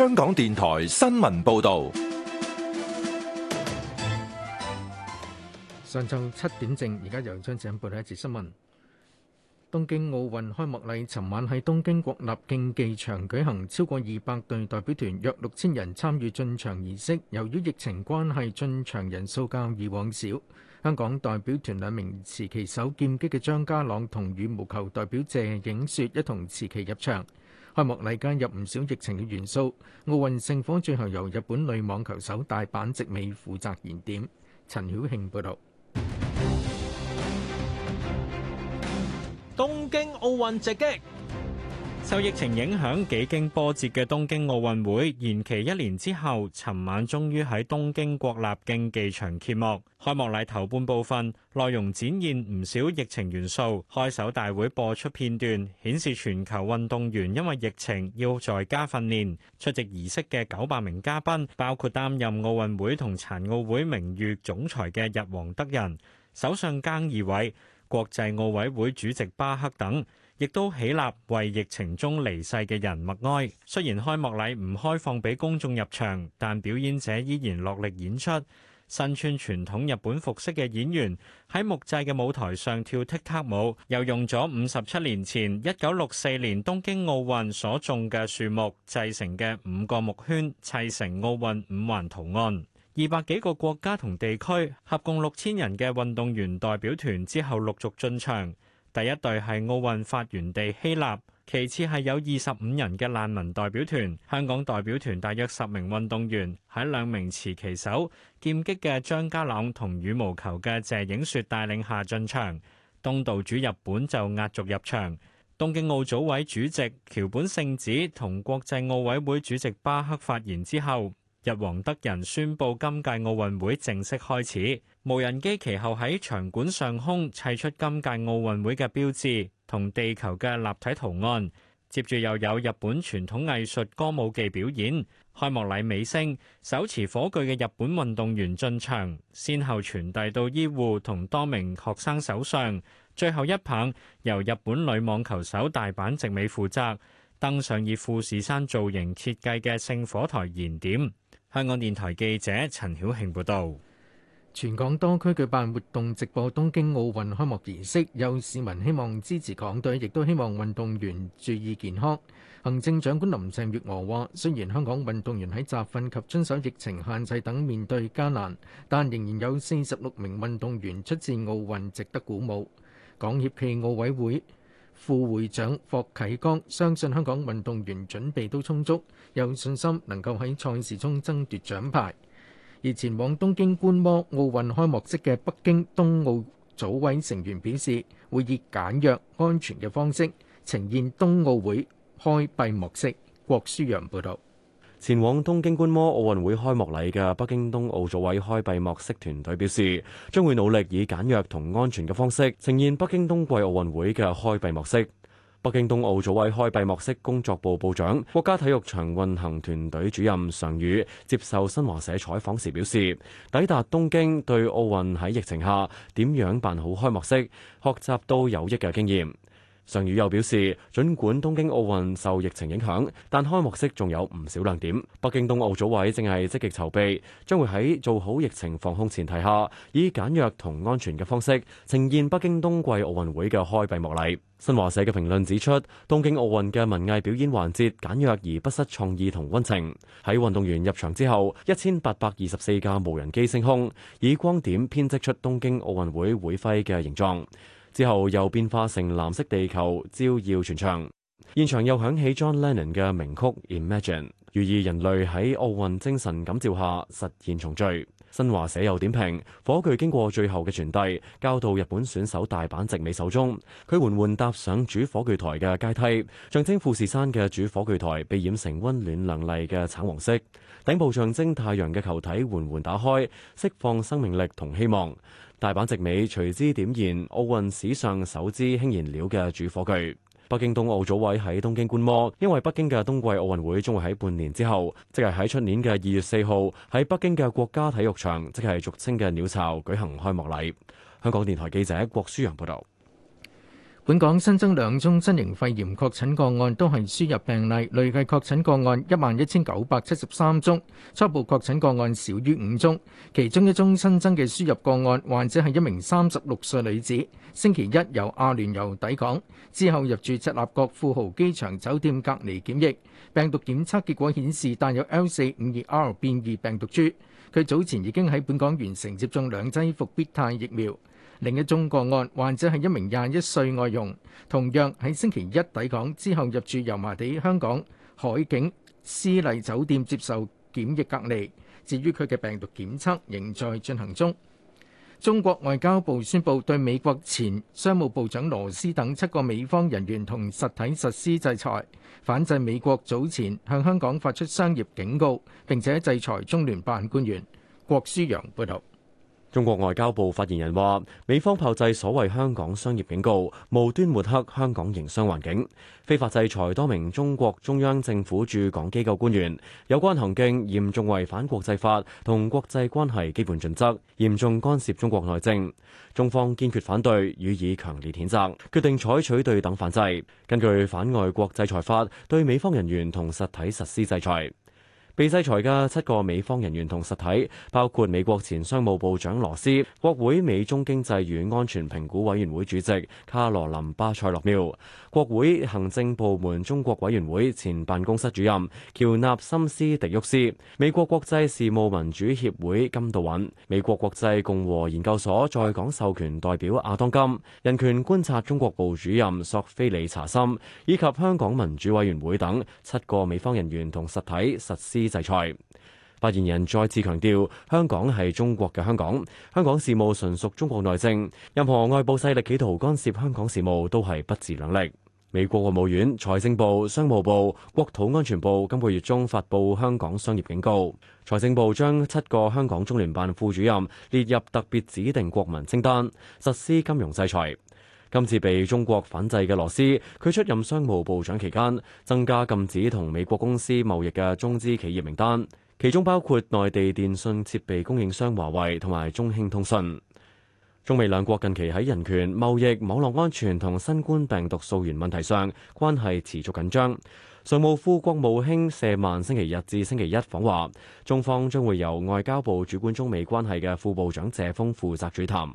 香港電台新聞報道，上晝七點正，而家由張子欣播下節新聞。東京奧運開幕禮，尋晚喺東京國立競技場舉行，超過二百隊代表團，約六千人參與進場儀式。由於疫情關係，進場人數較以往少。香港代表團兩名持旗手，劍擊嘅張家朗同羽毛球代表謝影雪一同持旗入場。開幕禮加入唔少疫情嘅元素，奧運聖火最後由日本女網球手大坂直美負責燃點。陳曉慶報道。東京奧運直擊。受疫情影響，幾經波折嘅東京奧運會延期一年之後，尋晚終於喺東京國立競技場揭幕。開幕禮頭半部分內容展現唔少疫情元素。開首大會播出片段，顯示全球運動員因為疫情要在家訓練。出席儀式嘅九百名嘉賓，包括擔任奧運會同殘奧會名譽總裁嘅日皇德仁、首相菅義偉、國際奧委會主席巴克等。亦都起立為疫情中離世嘅人默哀。雖然開幕禮唔開放俾公眾入場，但表演者依然落力演出。身穿傳統日本服飾嘅演員喺木製嘅舞台上跳踢踏舞，又用咗五十七年前一九六四年東京奧運所種嘅樹木製成嘅五個木圈砌成奧運五環圖案。二百幾個國家同地區合共六千人嘅運動員代表團之後陸續進場。第一隊係奧運發源地希臘，其次係有二十五人嘅難民代表團。香港代表團大約十名運動員喺兩名持旗手、劍擊嘅張家朗同羽毛球嘅謝影雪帶領下進場。東道主日本就壓軸入場。東京奧組委主席橋本聖子同國際奧委會主席巴克發言之後，日皇德仁宣布今屆奧運會正式開始。無人機其後喺場館上空砌出今屆奧運會嘅標誌同地球嘅立體圖案，接住又有日本傳統藝術歌舞伎表演開幕禮尾聲，手持火炬嘅日本運動員進場，先後傳遞到醫護同多名學生手上，最後一棒由日本女網球手大阪直美負責登上以富士山造型設計嘅聖火台燃點。香港電台記者陳曉慶報道。全港多區舉辦活動直播東京奧運開幕儀式，有市民希望支持港隊，亦都希望運動員注意健康。行政長官林鄭月娥話：雖然香港運動員喺集訓及遵守疫情限制等面對艱難，但仍然有四十六名運動員出戰奧運，值得鼓舞。港協暨奧委會副會長霍啟剛相信香港運動員準備都充足，有信心能夠喺賽事中爭奪獎牌。而前往東京觀摩奧運開幕式嘅北京冬奧組委成員表示，會以簡約安全嘅方式呈現冬奧會開閉幕式。郭舒陽報導，前往東京觀摩奧運會開幕禮嘅北，北京冬奧組委開閉幕式團隊表示，將會努力以簡約同安全嘅方式呈現北京冬季奧運會嘅開閉幕式。北京冬奧組委開閉幕式工作部部長、國家體育場運行團隊主任常宇接受新華社採訪時表示：抵達東京，對奧運喺疫情下點樣辦好開幕式，學習都有益嘅經驗。常宇又表示，儘管東京奧運受疫情影響，但開幕式仲有唔少亮點。北京冬奧組委正係積極籌備，將會喺做好疫情防控前提下，以簡約同安全嘅方式呈現北京冬季奧運會嘅開閉幕禮。新華社嘅評論指出，東京奧運嘅文藝表演環節簡約而不失創意同溫情。喺運動員入場之後，一千八百二十四架無人機升空，以光點編織出東京奧運會會徽嘅形狀。之後又變化成藍色地球，照耀全場，現場又響起 John Lennon 嘅名曲《Imagine》，寓意人類喺奧運精神感召下實現重聚。新華社又點評：火炬經過最後嘅傳遞，交到日本選手大坂直美手中。佢緩緩踏上主火炬台嘅階梯，象徵富士山嘅主火炬台被染成溫暖亮麗嘅橙黃色。頂部象徵太陽嘅球體緩緩打開，釋放生命力同希望。大坂直美隨之點燃奧運史上首支氫燃料嘅主火炬。北京冬奧組委喺東京觀摩，因為北京嘅冬季奧運會將會喺半年之後，即係喺出年嘅二月四號，喺北京嘅國家體育場，即係俗稱嘅鳥巢舉行開幕禮。香港電台記者郭舒揚報道。本港新增兩宗新型肺炎確診個案，都係輸入病例，累計確診個案一萬一千九百七十三宗，初步確診個案少於五宗。其中一宗新增嘅輸入個案患者係一名三十六歲女子，星期一由阿聯酋抵港，之後入住赤鱲角富豪機場酒店隔離檢疫，病毒檢測結果顯示帶有 L 四五二 R 變異病毒株。佢早前已經喺本港完成接種兩劑復必泰疫苗。另一宗個案，患者係一名廿一歲外傭，同樣喺星期一抵港之後入住油麻地香港海景絲麗酒店接受檢疫隔離，至於佢嘅病毒檢測仍在進行中。中國外交部宣布對美國前商務部長羅斯等七個美方人員同實體實施制裁，反制美國早前向香港發出商業警告，並且制裁中聯辦官員郭書洋報道。中國外交部發言人話：美方炮製所謂香港商業警告，無端抹黑香港營商環境，非法制裁多名中國中央政府駐港機構官員，有關行徑嚴重違反國際法同國際關係基本準則，嚴重干涉中國內政。中方堅決反對，予以強烈譴責，決定採取對等反制。根據反外國制裁法，對美方人員同實體實施制裁。被制裁嘅七個美方人員同實體包括美國前商務部長羅斯、國會美中經濟與安全評估委員會主席卡羅琳巴塞洛繆、國會行政部門中國委員會前辦公室主任喬納森斯迪沃斯、美國國際事務民主協會金道允、美國國際共和研究所在港授權代表阿當金、人權觀察中國部主任索菲里查森，以及香港民主委員會等七個美方人員同實體實施。制裁發言人再次強調，香港係中國嘅香港，香港事務純屬中國內政，任何外部勢力企圖干涉香港事務都係不自量力。美國國務院、財政部、商務部、國土安全部今個月中發布香港商業警告，財政部將七個香港中聯辦副主任列入特別指定國民清單，實施金融制裁。今次被中國反制嘅羅斯，佢出任商務部長期間，增加禁止同美國公司貿易嘅中資企業名單，其中包括內地電信設備供應商華為同埋中興通訊。中美兩國近期喺人權、貿易、網絡安全同新冠病毒溯源問題上，關係持續緊張。常務副國務卿舍曼星期日至星期一訪華，中方將會由外交部主管中美關係嘅副部長謝鋒負責主談。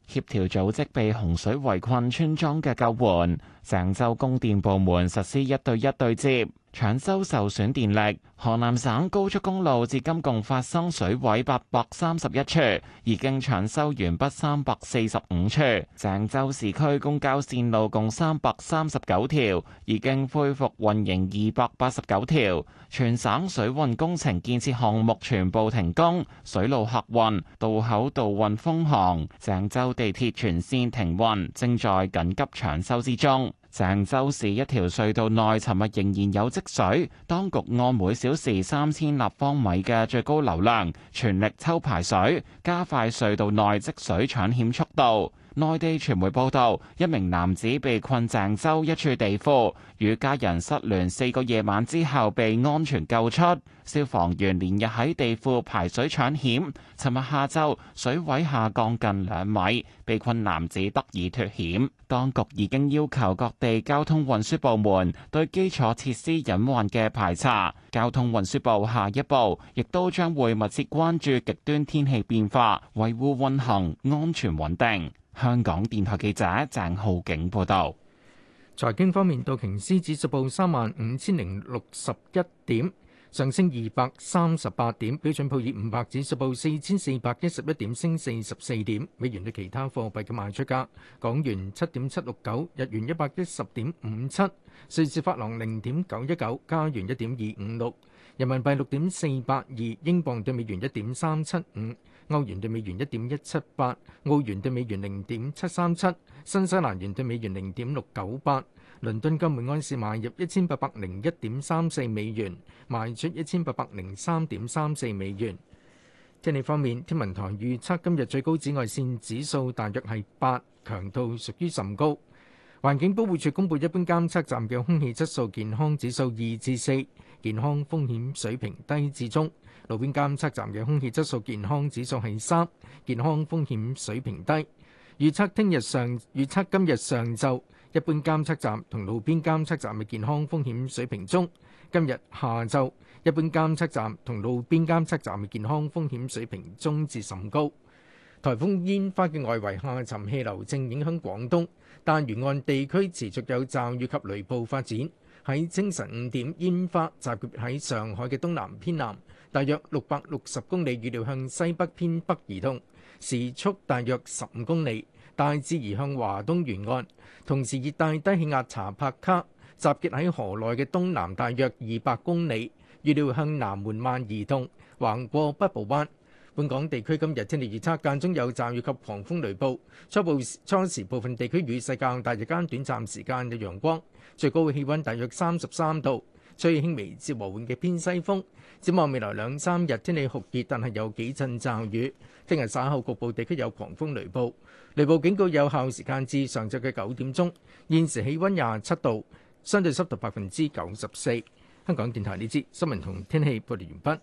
協調組織被洪水圍困村莊嘅救援。鄭州供電部門實施一對一對接，搶修受損電力。河南省高速公路至今共發生水毀八百三十一處，已經搶修完畢三百四十五處。鄭州市區公交線路共三百三十九條，已經恢復運營二百八十九條。全省水運工程建設項目全部停工，水路客運、渡口渡運封航。鄭州。地鐵全線停運，正在緊急搶修之中。鄭州市一條隧道內，尋日仍然有積水，當局按每小時三千立方米嘅最高流量，全力抽排水，加快隧道內積水搶險速度。內地傳媒報道，一名男子被困鄭州一處地庫，與家人失聯四個夜晚之後被安全救出。消防員連日喺地庫排水搶險，尋日下晝水位下降近兩米，被困男子得以脫險。當局已經要求各地交通運輸部門對基礎設施隱患嘅排查。交通運輸部下一步亦都將會密切關注極端天氣變化，維護運行安全穩定。香港電台記者鄭浩景報道：財經方面，道瓊斯指數報三萬五千零六十一點，上升二百三十八點；標準普爾五百指數報四千四百一十一點，升四十四點。美元對其他貨幣嘅賣出價：港元七點七六九，日元一百一十點五七，瑞士法郎零點九一九，加元一點二五六，人民幣六點四八二，英鎊對美元一點三七五。歐元兌美元一點一七八，澳元兌美元零點七三七，新西蘭元兌美元零點六九八。倫敦金每安士買入一千八百零一點三四美元，賣出一千八百零三點三四美元。天氣方面，天文台預測今日最高紫外線指數大約係八，強度屬於甚高。環境保護署公布一般監測站嘅空氣質素健康指數二至四，健康風險水平低至中。路邊監測站嘅空氣質素健康指數係三，健康風險水平低。預測聽日上預測今日上晝，一般監測站同路邊監測站嘅健康風險水平中。今日下晝，一般監測站同路邊監測站嘅健康風險水平中至甚高。台風煙花嘅外圍下沉氣流正影響廣東，但沿岸地區持續有驟雨及雷暴發展。喺清晨五點，煙花集結喺上海嘅東南偏南，大約六百六十公里，預料向西北偏北移動，時速大約十五公里，大致移向華東沿岸。同時，熱帶低氣壓查帕卡集結喺河內嘅東南，大約二百公里，預料向南緩慢移動，橫過北部灣。本港地區今日天氣預測，間中有陣雨及狂風雷暴，初步初時部分地區雨勢較大，日間短暫時間嘅陽光，最高氣温大約三十三度。吹輕微至和緩嘅偏西風，展望未來兩三日天氣酷熱，但係有幾陣驟雨，聽日稍後局部地區有狂風雷暴，雷暴警告有效時間至上晝嘅九點鐘。現時氣温廿七度，相對濕度百分之九十四。香港電台呢節新聞同天氣報道完畢。